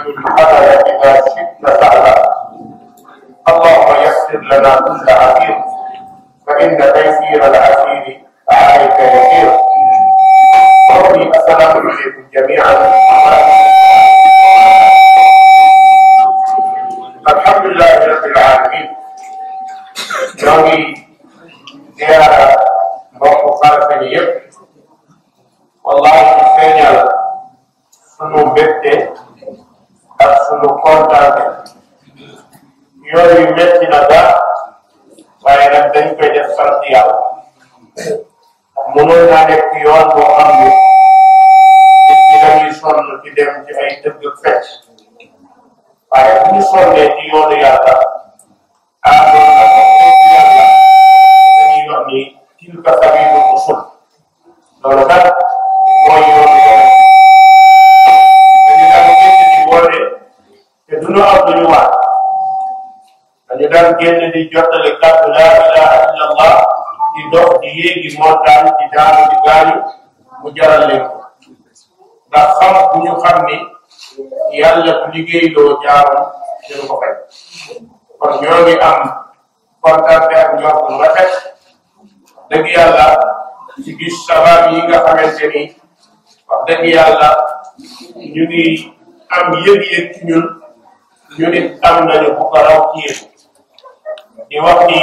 أبدا def farata yàlla ndax mënoon naa nekk yoon boo xam ne nit ñi dañuy sonn ci dem ci ay tëgg ak fecc waaye bu ñu sonnee ci yoonu yàlla ah loolu nag yàlla dañuy wax ni mooy yoon daan génn di jottale kàddu laa ilaha illa allah di dox di yéegi montagne di daanu di gaañu mu jaral leen ko ndax xam bu ñu xam ni yàlla bu liggéeyloo jaaram dina ko fay kon ñoo ngi am kontaan ak ñoom bu rafet dëgg yàlla ci gis sabab yi nga xamante ni wax dëgg yàlla ñu ngi am yëg-yëg ñun ñu nit am nañu bu ko raw di wax ni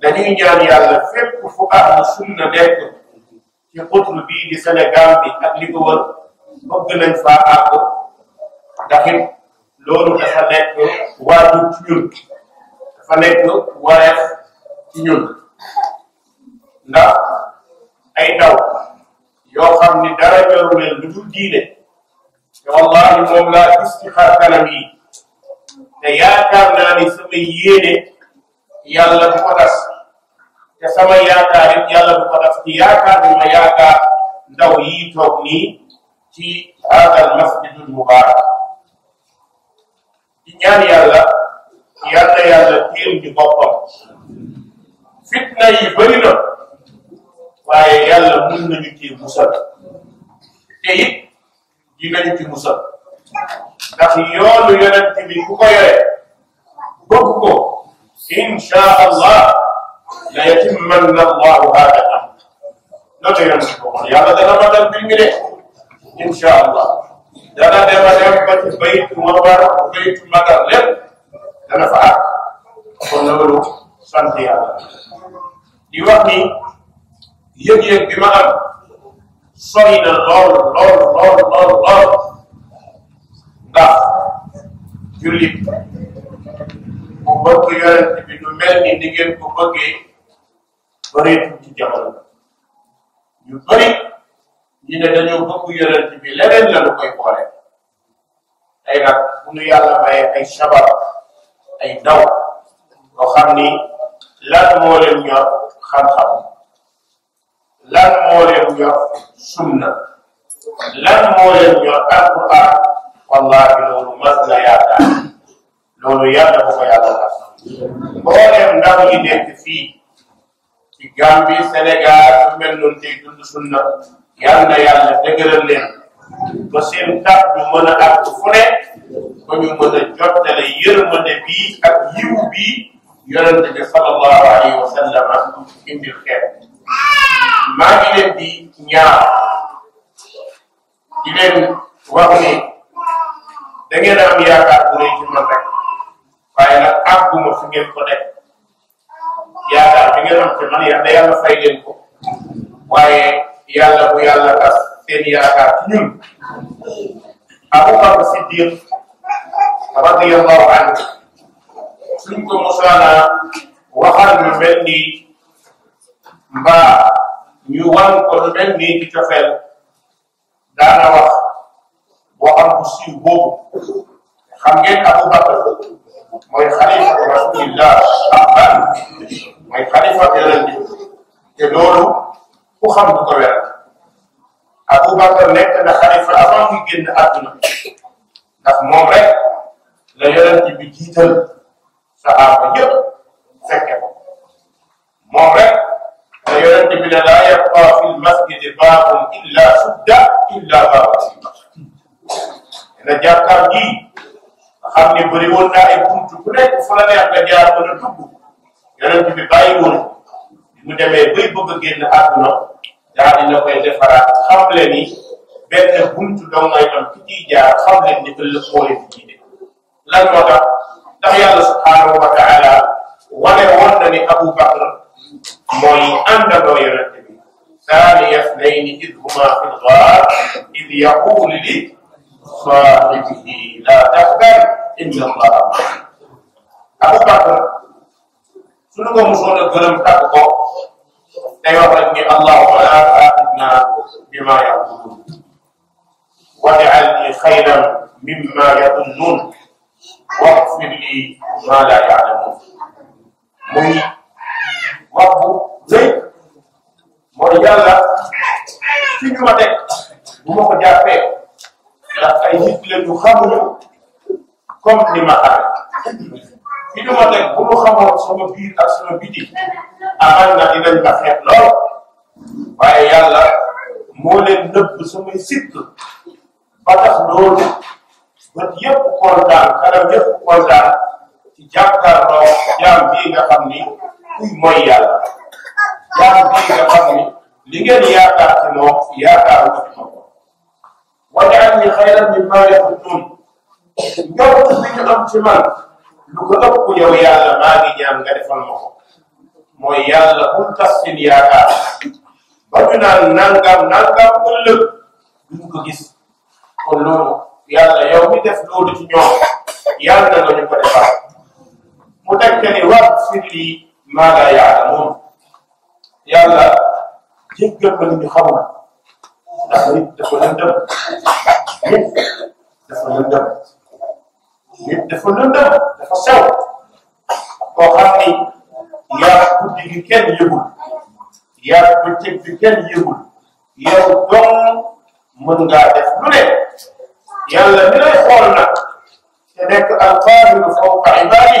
dañuy ñaan yàlla fépp fu ahlu sunna nekk ci xutru bii di Sénégal bi ak li ko wër bëgg nañ faa àgg ndax loolu dafa nekk waajur ci ñun dafa nekk wareef ci ñun ndax ay ndaw yoo xam ni dara ñoru leen lu dul diine te wallahi moom laa gis ci xar kanam yi te yaakaar naa ni sama yéene yàlla du ko tas te sama yaakaar it yàlla du ko tas ci yaakaar bi ma yaakaar ndaw yi toog nii ci haadal masjidul mubaarak di ñaan yàlla yàlla yàlla tiir ñu boppam fitna yi bëri na waaye yàlla mun nañu ci musal te it dinañu ci musal ndax yoonu yonent bi ku ko yore إن شاء الله ليتمن الله هذا الأمر نتيجة نشكر يا بدل بدل بالملك إن شاء الله dana dem a dem ba ci baytu mawar baytu madar lépp dana fa àgg kon loolu sant yàlla di wax ni yëg-yëg bi ma am sori na lool lool lool lool lool ndax jullit mu bëgg yonent bi lu mel ni ni ngeen ko bëggee bëreetul ci jamono ñu bëri ñu ne dañoo bëgg yonent bi leneen la lu koy boole tey nag bu nu yàlla maye ay sabab ay ndaw loo ni lan moo leen ñor xam-xam lan moo leen ñor sunna lan moo leen ñor alquran wallahi loolu mas na yaakaar loolu yàlla na ko ko yàlla tax mbooleem ndaw yi nekk fii ci Gambie noonu tey dund sunna yàlla na yàlla leen ba seen kàddu mën a àgg fu ne ba ñu mën bii ak yiw bii yonente bi sallallahu alayhi wa sallam indil xeet maa ngi leen di ñaar di leen wax ni da ngeen waaye nag àgguma fi ngeen ko def yaakaar bi ngeen am ci ko waaye yàlla bu yàlla tas seen yaakaar ci ñun Abubakar Siddiq radiyallahu anhu suñ ko mosaana waxal lu mbaa ñu ko lu mel ni ci cofeel daana wax boo xam boobu xam ngeen Abubakar mooy xalifatu rasulillah xaqan mooy xalifa yonent bi te loolu ku xam du ko wér Aboubacar nekk na xalifa avant muy génn àdduna ndax moom rek la yonent bi jiital saxaaba yëpp fekke ko moom rek la yonent bi ne laa yabqa fi lmasjidi baabun illa sudda illa baaba na jàkkaar jii xam ne bëri woon naa ay buntu bu nekk fu la neex nga jaar mën a dugg yonent bi bàyyi woon mu demee bay bëgg a génn àdduna daal dina koy defaraat xam leen ni benn buntu dong ngay am ki ciy jaar xam leen ni ëllëg moo leen jiite lan moo tax ndax yàlla subhaanahu wa taala wane woon na ni Abu Bakr mooy àndandoo yonent bi ثاني اثنين إذ هما في الغار إذ يقول لصاحبه لا تحزن incha allah Abubakar suñu ko mosoon a gërëm tàgg ko day wax rek ni allahumma la tu'akhidhna bima yaqulun waj'alni khayran mimma yadhunnun waghfir li ma la ya'lamun muy wax bu rëy mooy yàlla fi ñu ma teg bu ma ko jàppee ndax ay nit la ñu xamuñu comme ni ma xamee fi ñu ma teg bu ñu xamoon sama biir ak sama biti amal na dinañ ko xeeb lool waaye yàlla sikk ba tax loolu bët yëpp kontaan kanam yëpp kontaan ci jàkkaarloo jaam bii nga xam ni kuy mooy yàlla jaam bii nga xam ni li ngeen yaakaar ci moom yaakaaru ko ci moom wajaal ni xayran mimma yaxuddun njort bi ñu man lu ko ëpp yow yàlla maa ngi ñaan nga defal ma ko mooy yàlla bul tas seen yaakaar ba ñu naan nangam nangam ëllëg duñ ko gis kon loolu yàlla yow mi def loolu ci ñoom yàlla na nga ñu ko defal mu tekk ni war firli maa laa yaalamoon yàlla jéggal ma li ñu xamul ndax nit dafa lëndëm nit dafa lëndëm lépp dafa lëndëm dafa sew koo xam ni yaa guddi gi kenn yëgul yaa bëccëg bi kenn yëgul yow dong mën ngaa def lu ne yàlla mi lay xool nag te nekk alqaadiru fawqa ibaadi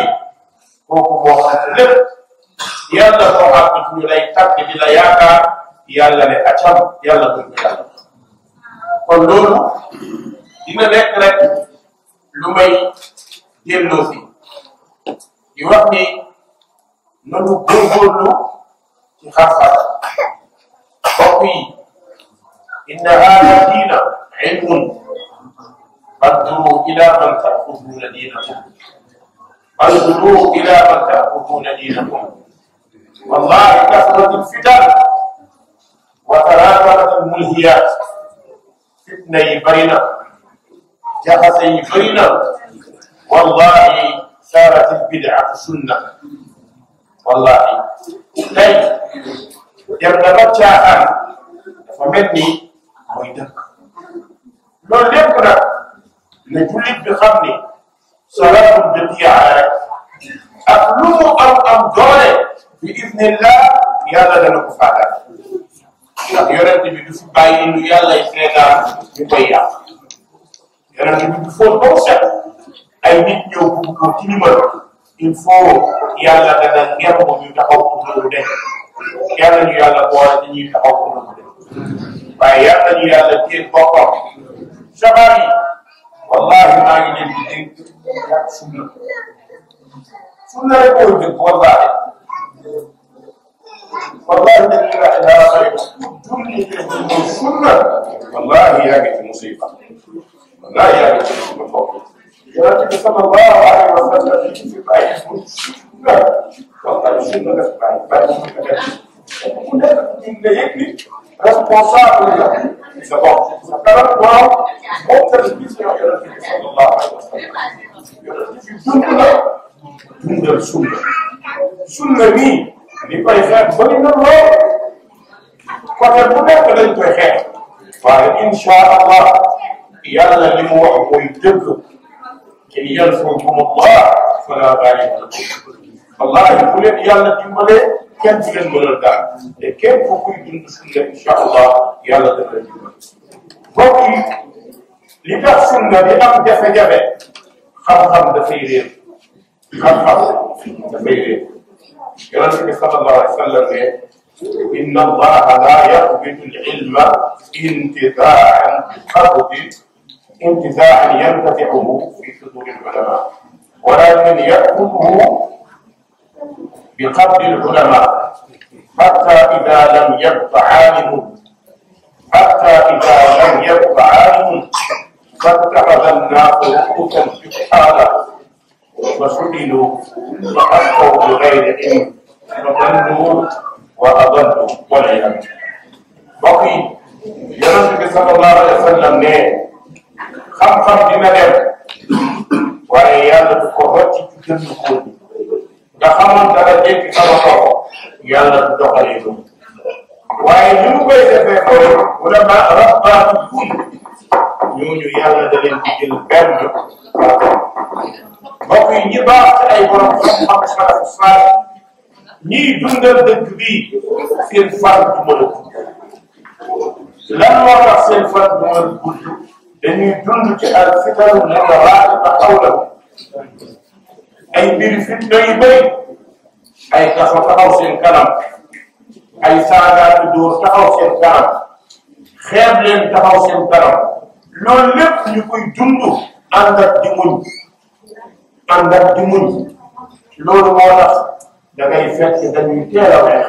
kooku moo xam ne lépp yàlla moo ne ñu lay lu may delloo fi di wax ni nanu góorgóorlu ci xam-xam mbokk yi inna haada diina ilmun fanduru ila man taaxuduuna diinakum fanduru ila man taaxuduuna diinakum wallahi kasratu fitan wa taraatarat mulhiyaat fitna yi bari na jaxase yi bëri na wallahi saaratil bidaatu sunna wallahi tey dem na ba caaxaan dafa mel ni mooy dëkk loolu lépp nag ne jullit bi xam ni salaatul badiia rek ak lu mu am am doole bi idnillah yàlla dana ko faagaat ndax yonent bi du fi bàyyi lu yàlla yi ñu koy yàq yonent bi il faut boo set ay nit ñëw bugg ko tilimal il faut yàlla dana ko ñu taxaw pour loolu denc yàlla ñu yàlla boole di ñuy taxaw pour loolu denc waaye yàlla ñu yàlla téye boppam sabab yi wallahi maa ngi leen di dégg ak sunna sunna rek koo dégg wallahi wallahi dañuy wax laa sori la yàgg ci suñu bopp yonent bi sallallahu alayhi wa sallam ci fi bàyyi suñu nga waxtaan suñu nga def bàyyi bàyyi suñu nga def ku nekk ñu nga yëg ni responsable la sa bopp sa kanam waaw moom tamit gis nga yonent bi sallallahu alayhi wa sallam yonent bi dund la dundal sunna sunna nii li koy xeex bëri na lool côté bu nekk dañ koy xeex waaye incha allah yàlla li mu wax mooy dëgg in yansurkum allah fala ghaliba lakum wallahi bu leen yàlla dimbalee kenn du leen mënal daal te kenn ku koy dund sunna incha allah yàlla dana dimbal mbokk yi li tax sunna di am jafe-jafe xam-xam dafay réer xam-xam dafay réer yonent bi sallallahu alayhi wa sallam ne inna allaha la yaqbidu al ilma intidaa bi qabdi انتزاعا ينتفعه في صدور العلماء ولكن يأخذه بقدر العلماء حتى إذا لم يبق عالم حتى إذا لم يبق عالم فاتخذ الناس رؤوسا سبحانه وسئلوا فأفتوا بغير علم فضلوا وأضلوا والعياذ بالله. mbokk yi yonent bi sallallahu alayhi wa sallam ne xam waaye yàlla du ko rocc ci gën ko nga xamoon dara jekki sama xol yàlla du doxalee loolu waaye ñu ngi koy defee xool wala ma rabbaatu fuy ñooñu yàlla da leen di jël benn mbokk yi ñi baax ci ay borom xam-xam salafu saal ñiy dundal dëkk bii seen fan du mën a gudd lan moo tax seen fan du mën a gudd dañuy dund ci al fitaru ne nga baatu ba xawlaw ay mbiri fitna yu bëri ay kaso taxaw seen kanam ay saagaatu dóor taxaw seen kanam xeeb leen taxaw seen kanam loolu lépp ñu koy dund ànd ak di muñ ànd ak di muñ loolu moo tax da ngay fekk a weex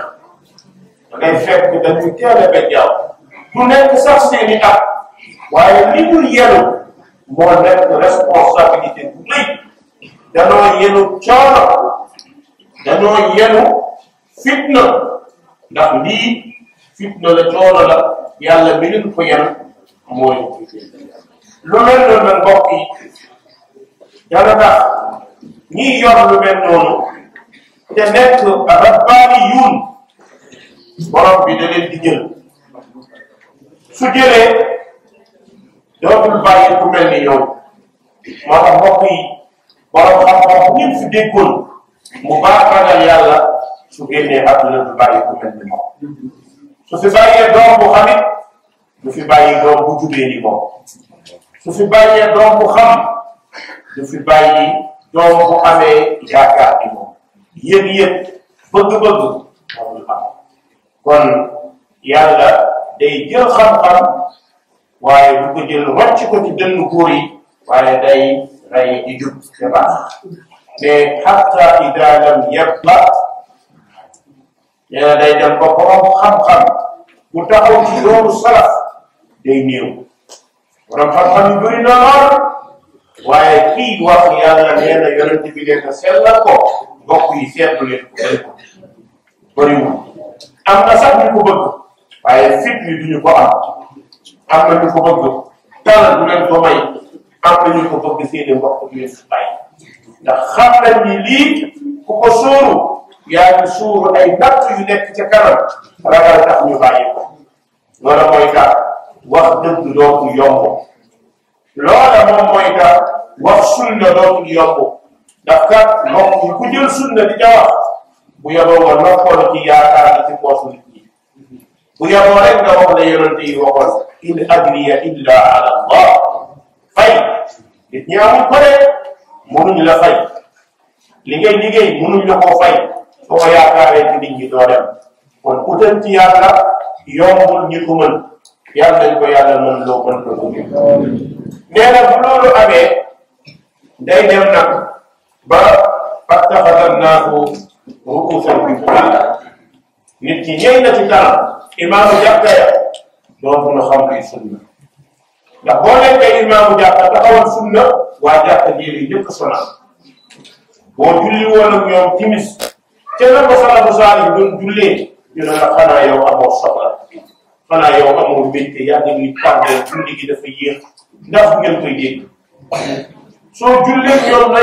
da ngay fekk dañuy teel a bejjaaw du nekk sax seeni at waaye li ñu yenu moo nekk responsabilité bu rëy danoo coono danoo yenu fitna ndax lii fitna la coono la yàlla mi leen mooy lu mel noonu nag dana tax ñiy yor lu mel te nekk rabbaani yuun borom bi da leen di jël dootul bàyyi ku mel ni yow moo tax mbokk xam-xam ñëpp fi déggoon mu baax ragal yàlla su génnee àdduna du bàyyi ku mel ni moom su fi bàyyee doom bu xamit du fi bàyyi doom bu jubee ni moom su fi bàyyee doom bu moom yëg-yëg bëgg-bëgg kon yàlla day jël xam-xam waaye bu ko jël rocc ko ci dënn góor waaye day rey di jub te baax mais hatta ida lam yabqa yàlla day dem ba borom xam-xam bu taxaw ci yoonu salaf day néew borom xam-xam yu bëri na waaye kii wax yàlla nee na yonent bi leen a sellal ko yi seetlu leen ko bëri ko bëriwul am na sax ñu ko bëgg waaye fit yi duñu ko am. am na ñu ko bëgg dara du leen ko may am na ñu ko bëgg seen i mbokk yu leen si bàyyi ndax xam nañ ni lii ku ko sóoru yaa ngi suuru ay natt yu nekk ca kanam ragal tax ñu bàyyi ko loola moom mooy ka wax sunna dootul yomb ndax kat moom ku jël sunna di ca wax bu yeboo bu yaboo rek nga wax la yonent in ajriya illa ala allah fay nit ñi amul ko de la fay li ngay liggéey la koo fay soo ko yaakaaree ci nit ñi utal ci yombul ñi ko mën yàlla dañ ko yàlla mën loo mën ko bu nee na bu loolu amee day dem nag ba fattaxada naasu ruusan bi nit ñi ñëw na ci imaamu jàkka ya dootu la xam sunna ndax boo nekkee imaamu jàkka taxawal sunna julli woon ak ñoom timis ca na ko salaatu saa yi doon jullee ñu ne la xanaa yow amoo soxla xanaa yow amoo mbégte yaa ngi ni julli gi dafa yéex ndax ngeen koy dégg soo jullee ñoom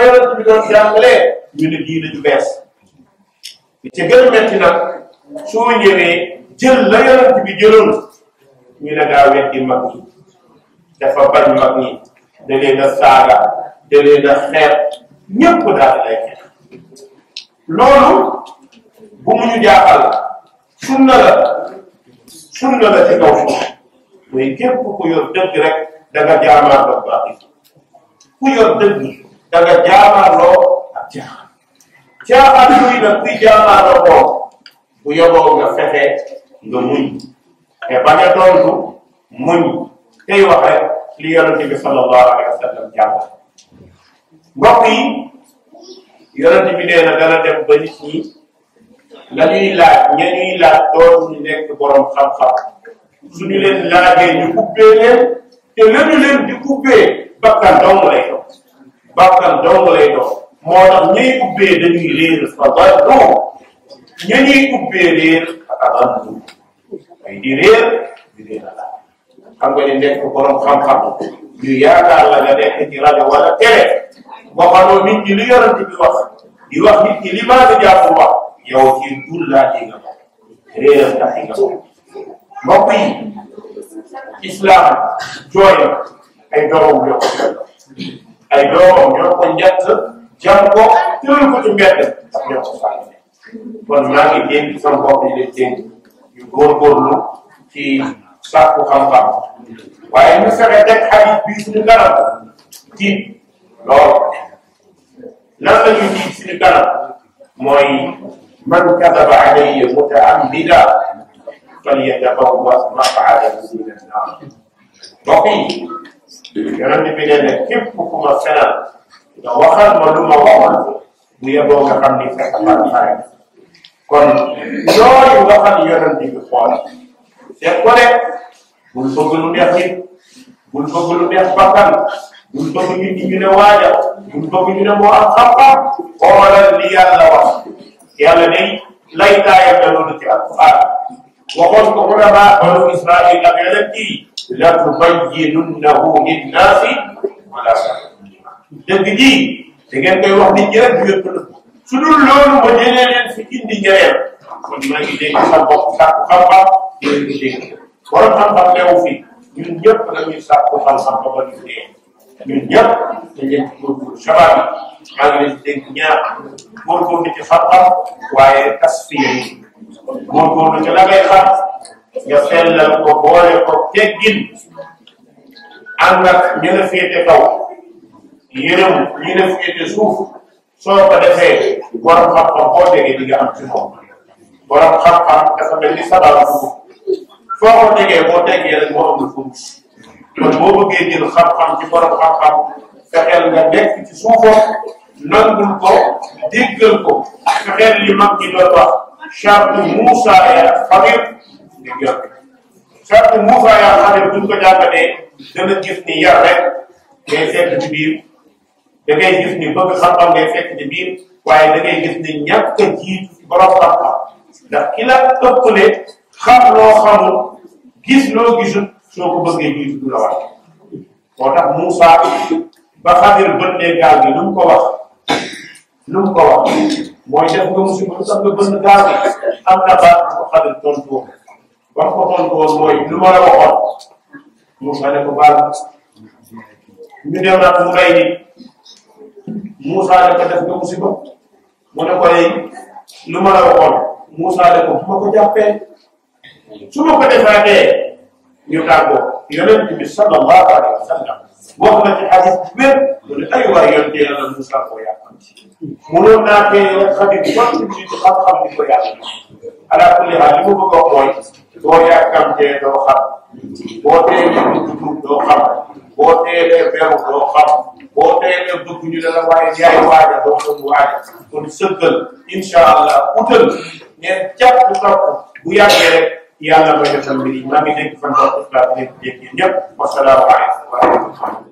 gën a metti nag soo ñëwee jël la yonent bi jëloon ñu ne daa weddi mag ñi dafa bañ mag ñi da leen a saaga da leen a xeet ñépp daal lay xeet loolu bu mu ñu jaaxal sunna la sunna la ci kaw suuf mooy képp ku yor dëgg rek da nga jaamaar loo baaxi ku yor dëgg da nga jaamaar loo ak caaxaan caaxaan yooyu nag kuy jaamaar loo ko bu yoboo nga fexe nga muñ te bañ a tontu muñ tey wax rek li yonente bi sallallahu alayhi wa sallam jàngal mbokk yi bi nee na dana dem ba nit ñi la ñuy laaj ña ñuy laaj dootuñu nekk borom xam-xam suñu leen laajee ñu ubbee leen te lañu leen di ubbee bakkan dong lay doon bakkan dong lay doon moo ñuy ubbee fa doon ña ñuy ubbee réer ak abamu ay di réer di réer xam nga ni nekk borom xam-xam yu yaakaar la nga nekk ci wala télé waxaloo nit ñi li yorante bi wax di wax nit ñi maa ngi jàpp wax yow ci dul laa ji nga bokk réeram tax yi islam jooy ay doomam ñoo ko ay doomam ñoo ko njëkk jàng ko tëral ko ci mbedd ak ñoo ko fàtte kon maa ngi dénk sama bopp di leen dénk ñu góorgóorlu ci sàkku xam-xam waaye ñu fexe teg xadis la ñuy ji suñu kanam mooy man kadaba alayya mutaamida falyatabawwa maq'adahu min an-nar mbokk yi yonent bi nee na képp ku ma fenal nga waxal ma lu ma waxoon bu yeboo nga xam ni fexe xar xare kon loolu nga xam yonent bi xool seet ko de bul bëgg lu neex nit bul bëgg lu neex bakkan bul bëgg nit ñi ñu ne waaja bul bëgg ñu ne moo am xam-xam xoolal li yàlla wax yàlla day lay taayam la loolu ci alquran waxoon ko ulama banu israil ak yonent yi la tubayyinunnahu linnaasi wala dëgg ji da ngeen koy wax nit ñi rek du yëpp su dul loolu ba dee leen fi indi njëriñ kon maa ngi dégg sa bopp sàkku xam-xam yéen ngi dégg borom xam-xam teew fi ñun ñëpp nañuy sàkku xam-xam ba ba ñu dee ñun ñëpp dañ leen ci góorgóorlu sabab yi maa ngi leen di dégg ñaar góorgóorlu ci xam-xam waaye tasfiya yi góorgóorlu ci la ngay xam nga sellal ko boole ko teggin ànd ak ñi la féete kaw yërëm ñi la féete suuf. soo ko defee borom xam-xam boo déggee di nga am ci moom borom xam-xam dafa mel ni sabab foo ko déggee boo déggee rek moo amul fu kon boo bëggee jël xam-xam ci borom xam-xam fexeel nga nekk ci suufam nangul ko déggal ko fexeel li mag ñi doon wax charte Moussa yaa xabib déggal charte Moussa yaa xabib duñ ko jàngatee dana gis ni yar rek ngay seetlu ci biir. da ngay gis ni bëgg xam-xam ngay fekk ci biir waaye da gis ni ñàkk jiitu ci borom xam-xam ndax ki la ëppale xam gis loo gisul soo ko bëggee jiitu du la moo tax Moussa ba xadir bët ne gaal ko wax lu ko wax mooy def nga musiba lu bënn gaal gi na baat bu ko xadir tontu wax ko mooy lu ma la waxoon Moussa ne baal ñu dem nag mu rey nit Moussa da ko def nga musiba mu ne ko lay lu ma la waxoon Moussa da ko bu ma ko jàppee su ma ko defaatee ñu tàggoo yonent bi sallallahu alayhi wa sallam wax na ci xadis bi wér mu ne ay waay yoon teel na Moussa koo yàqanti munoon naa di ko yàqanti ala kulli haal li ma bëgg a wax mooy doo xam boo teelee dugub doo xam boo teelee beru doo xam boo teelee bëgg ñu ne la waaye jaay waaja doo doon waaja kon sëggal incha allah utal ne jàpp topp bu yàggee rek yàlla may defal mbir yi maa ngi dégg fan la ko dégg ñëpp wasalaamaaleykum wa rahmatulah